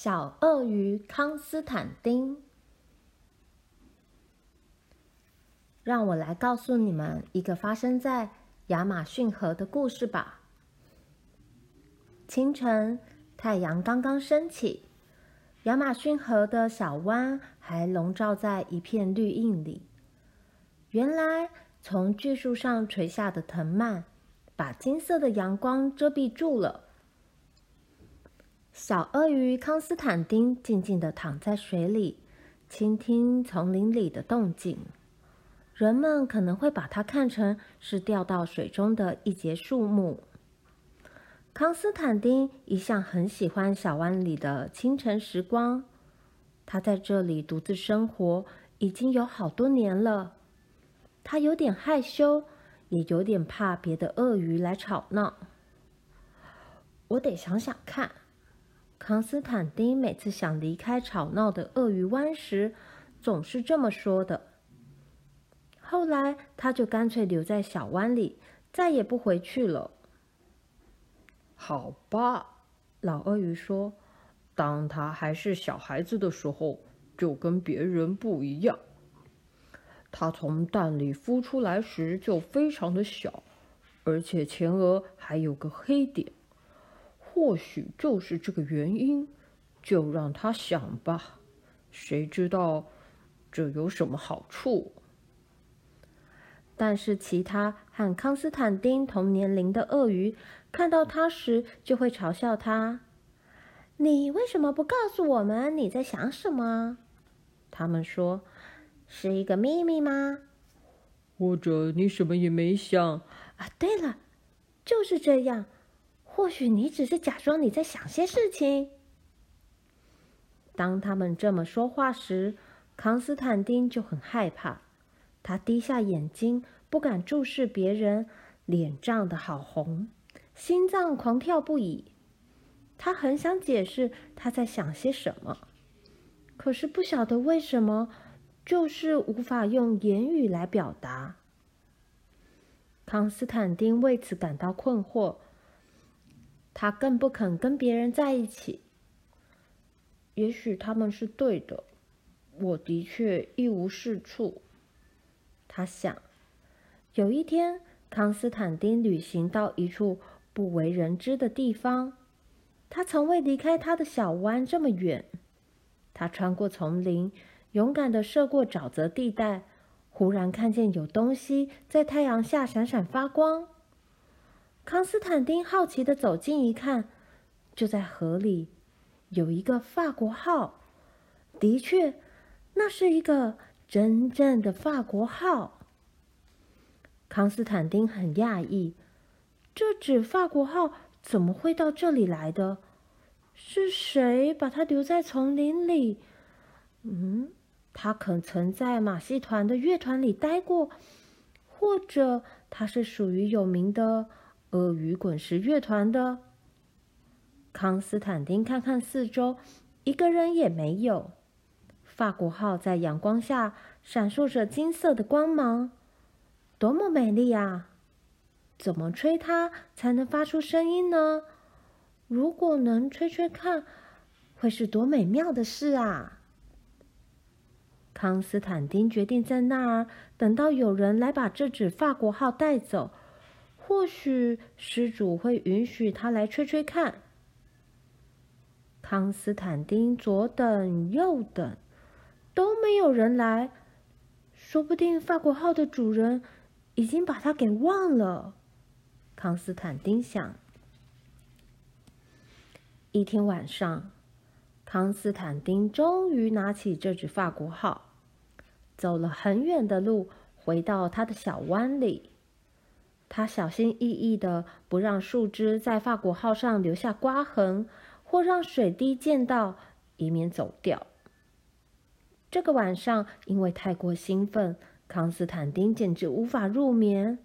小鱷魚康斯坦丁，讓我來告訴你們一個發生在亞馬遜河的故事吧。清晨，太陽剛剛升起，亞馬遜河的小灣還籠罩在一片綠蔭裡。原來，從巨樹上垂下的藤蔓把金色的陽光遮蔽住了。小鱷魚康斯坦丁靜靜地躺在水裡，傾聽叢林裡的動靜。人們可能會把它看成是掉到水中的一截樹木。康斯坦丁一向很喜歡小灣裡的清晨時光。他在這裡獨自生活已經有好多年了。他有點害羞，也有點怕別的鱷魚來吵鬧。我得想想看。康斯坦丁每次想離開吵鬧的鱷魚灣時，總是這麼說的。後來，他就乾脆留在小灣裡，再也不回去了。好吧，老鱷魚說：“當他還是小孩子的時候，就跟別人不一樣。他從蛋裡孵出來時就非常的小，而且前額還有個黑點。”或許就是這個原因，就讓他想吧。誰知道這有什麼好處？但是其他和康斯坦丁同年齡的鱷魚看到他時，就會嘲笑他：“你為什麼不告訴我們你在想什麼？”他們說：“是一個秘密嗎？或者你什麼也沒想？”啊，對了，就是這樣。或許你只是假裝你在想些事情。當他們這麼說話時，康斯坦丁就很害怕。他低下眼睛，不敢注視別人，臉漲得好紅，心臟狂跳不已。他很想解釋他在想些什麼，可是不曉得為什麼，就是無法用言語來表達。康斯坦丁為此感到困惑。他更不肯跟別人在一起。也許他們是對的，我的確一無是處。他想，有一天，康斯坦丁旅行到一處不為人知的地方，他從未離開他的小灣這麼遠。他穿過叢林，勇敢地涉過沼澤地帶，忽然看見有東西在太陽下閃閃發光。康斯坦丁好奇地走近一看，就在河裡，有一個法國號。的確，那是一個真正的法國號。康斯坦丁很訝異，這支法國號怎麼會到這裡來的？是誰把它留在叢林裡？嗯，它可曾在馬戲團的樂團裡待過，或者它是屬於有名的。鱷魚滾石樂團的。康斯坦丁看看四周，一個人也沒有。法國號在陽光下閃爍着金色的光芒，多麼美麗啊！怎麼吹它才能發出聲音呢？如果能吹吹看，會是多美妙的事啊！康斯坦丁決定在那兒等到有人來把這支法國號帶走。或許失主會允許他來吹吹看。康斯坦丁左等右等，都沒有人來。說不定法國號的主人已經把他給忘了。康斯坦丁想。一天晚上，康斯坦丁終於拿起這支法國號，走了很遠的路，回到他的小灣裡。他小心翼翼的不讓樹枝在法國號上留下刮痕，或讓水滴濺到，以免走掉。這個晚上，因為太過興奮，康斯坦丁簡直無法入眠。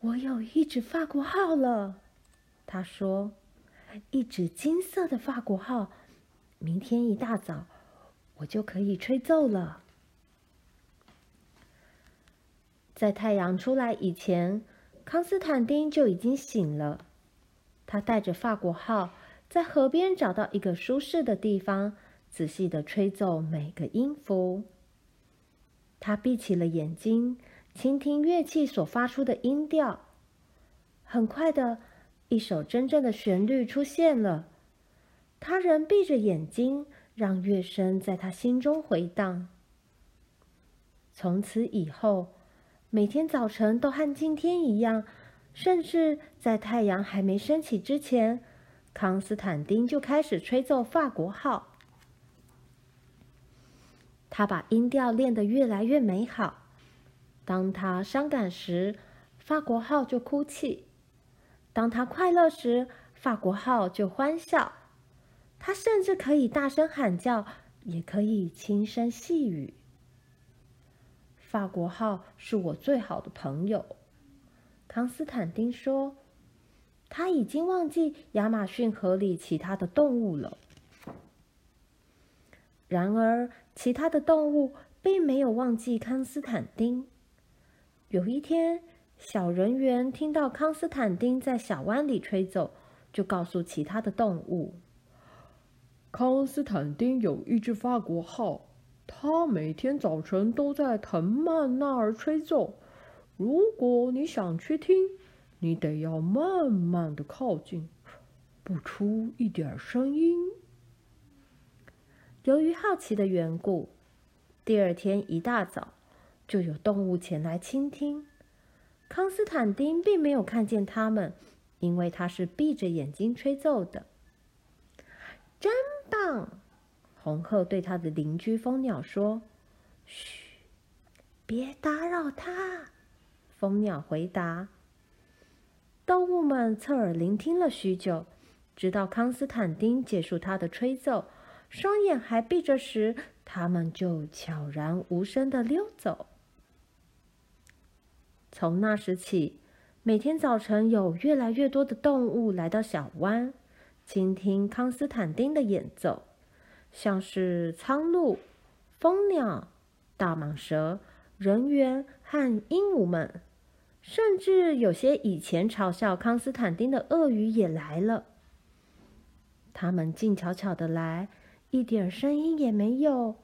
我有一支法國號了，他說，一支金色的法國號，明天一大早我就可以吹奏了。在太陽出來以前，康斯坦丁就已經醒了。他帶着法國號在河邊找到一個舒適的地方，仔細的吹奏每個音符。他閉起了眼睛，傾聽樂器所發出的音調。很快的，一首真正的旋律出現了。他仍閉着眼睛，讓樂聲在他心中回盪。從此以後，每天早晨都和今天一樣，甚至在太陽還沒升起之前，康斯坦丁就開始吹奏法國號。他把音調練得越來越美好。當他傷感時，法國號就哭泣；當他快樂時，法國號就歡笑。他甚至可以大聲喊叫，也可以輕聲細語。法國號是我最好的朋友，康斯坦丁說：“他已經忘記亞馬遜河裡其他的動物了。”然而，其他的動物並沒有忘記康斯坦丁。有一天，小人猿聽到康斯坦丁在小灣裡吹奏，就告訴其他的動物：“康斯坦丁有一隻法國號。”他每天早晨都在藤蔓那兒吹奏。如果你想去聽，你得要慢慢地靠近，不出一點聲音。由於好奇的緣故，第二天一大早就有動物前來傾聽。康斯坦丁並沒有看見他們，因為他是閉着眼睛吹奏的。真棒！紅鶴對他的鄰居蜂鳥說：“噓，別打擾他。”蜂鳥回答：“動物們側耳聆聽了許久，直到康斯坦丁結束他的吹奏，雙眼還閉着時，他們就悄然無聲地溜走。”從那時起，每天早晨有越來越多的動物來到小灣，傾聽康斯坦丁的演奏。像是蒼鷺、蜂鳥、大蟒蛇、人猿和鸚鵡們，甚至有些以前嘲笑康斯坦丁的鱷魚也來了。他們靜悄悄的來，一點聲音也沒有。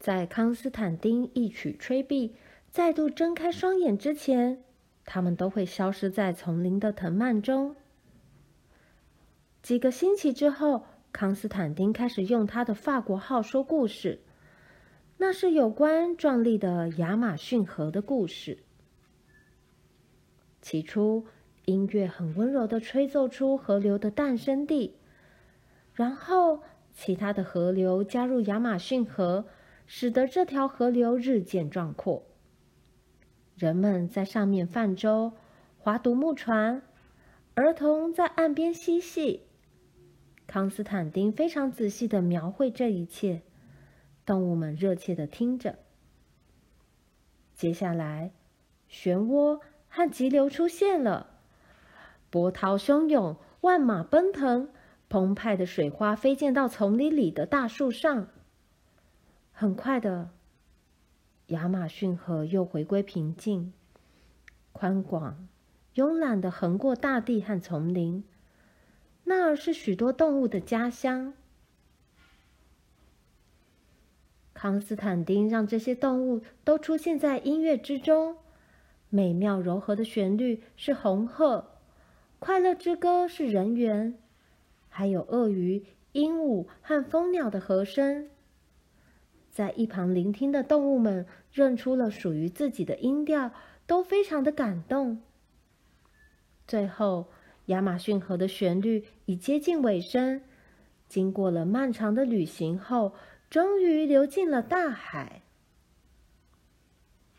在康斯坦丁一曲吹畢，再度睜開雙眼之前，他們都會消失在叢林的藤蔓中。幾個星期之後，康斯坦丁開始用他的法國號說故事，那是有關壯麗的亞馬遜河的故事。起初，音樂很溫柔地吹奏出河流的誕生地，然後其他的河流加入亞馬遜河，使得這條河流日漸壯闊。人們在上面泛舟、划獨木船，兒童在岸邊嬉戲。康斯坦丁非常仔細地描繪這一切，動物們熱切地聽着。接下來，漩渦和急流出現了，波濤洶湧，萬馬奔騰，澎湃的水花飛濺到叢林裡的大樹上。很快的，亞馬遜河又回歸平靜，寬廣，慵懶地橫過大地和叢林。那兒是許多動物的家鄉。康斯坦丁讓這些動物都出現在音樂之中，美妙柔和的旋律是紅鶴，快樂之歌是人猿，還有鱷魚、鸚鵡和蜂鳥的和聲。在一旁聆聽的動物們認出了屬於自己的音調，都非常的感動。最後，亞馬遜河的旋律已接近尾聲，經過了漫長的旅行後，終於流進了大海。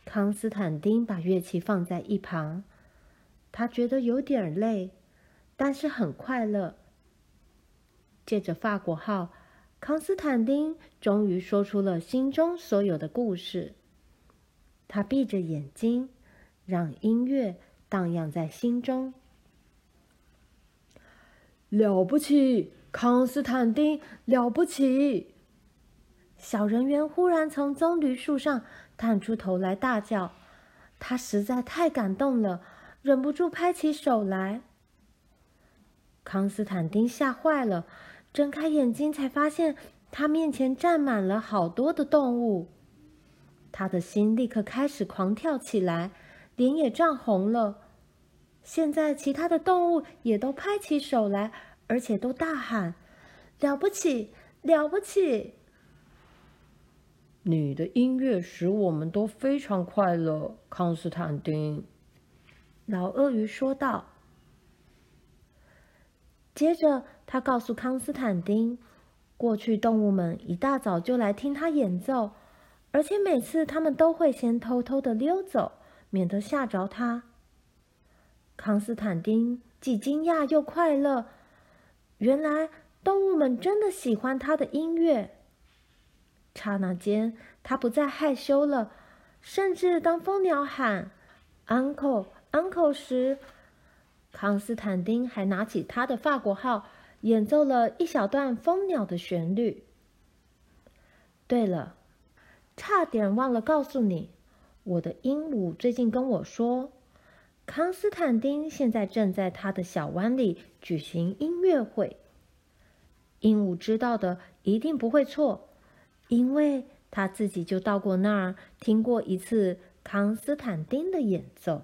康斯坦丁把樂器放在一旁，他覺得有點累，但是很快樂。借着法國號，康斯坦丁終於說出了心中所有的故事。他閉着眼睛，讓音樂盪漾在心中。了不起，康斯坦丁！了不起！小人猿忽然從棕櫚樹上探出頭來，大叫。他實在太感動了，忍不住拍起手來。康斯坦丁嚇壞了，睜開眼睛才發現他面前站滿了好多的動物，他的心立刻開始狂跳起來，臉也漲紅了。現在，其他的動物也都拍起手來，而且都大喊：“了不起，了不起！”“你的音樂使我們都非常快樂，康斯坦丁。”老鱷魚說道。接着，他告訴康斯坦丁，過去動物們一大早就來聽他演奏，而且每次他們都會先偷偷的溜走，免得嚇着他。康斯坦丁既驚訝又快樂，原來動物們真的喜歡他的音樂。剎那間，他不再害羞了，甚至當蜂鳥喊 “uncle uncle” 時，康斯坦丁還拿起他的法國號，演奏了一小段蜂鳥的旋律。對了，差點忘了告訴你，我的鸚鵡最近跟我說。康斯坦丁現在正在他的小灣裡舉行音樂會。鸚鵡知道的一定不會錯，因為它自己就到過那兒，聽過一次康斯坦丁的演奏。